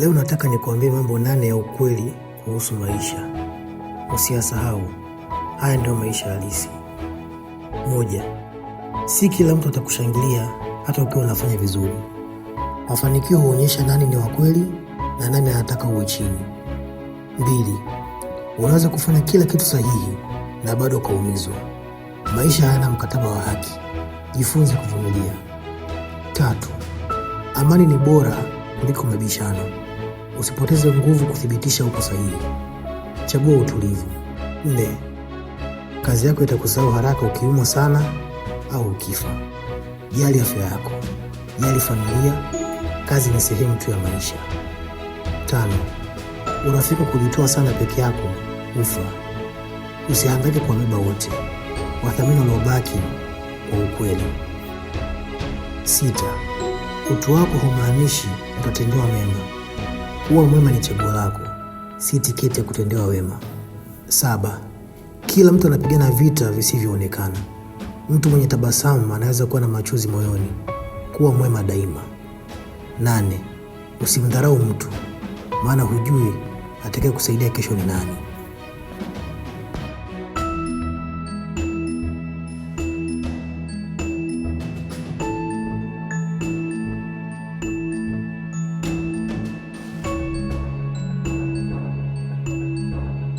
Leo nataka nikuambie mambo nane ya ukweli kuhusu maisha, usiyasahau. Haya ndiyo maisha halisi. Moja, si kila mtu atakushangilia hata ukiwa unafanya vizuri. Mafanikio huonyesha nani ni wa kweli na nani anataka uwe chini. Mbili, unaweza kufanya kila kitu sahihi na bado ukaumizwa. Maisha hayana mkataba wa haki, jifunze kuvumilia. Tatu, amani ni bora kuliko mabishano. Usipoteze nguvu kuthibitisha uko sahihi, chagua utulivu. Nne, kazi yako itakusahau haraka ukiumwa sana au ukifa. Jali afya yako, jali familia. Kazi ni sehemu tu ya maisha. Tano, unafika kujitoa sana peke yako ufa. Usihangaike beba wote, wathamini wanaobaki kwa ukweli. Sita, utu wako humaanishi utatendewa mema kuwa mwema ni chaguo lako, si tiketi ya kutendewa wema. Saba, kila mtu anapigana vita visivyoonekana. Mtu mwenye tabasamu anaweza kuwa na machozi moyoni. Kuwa mwema daima. Nane, usimdharau mtu, maana hujui atakaye kusaidia kesho ni nani.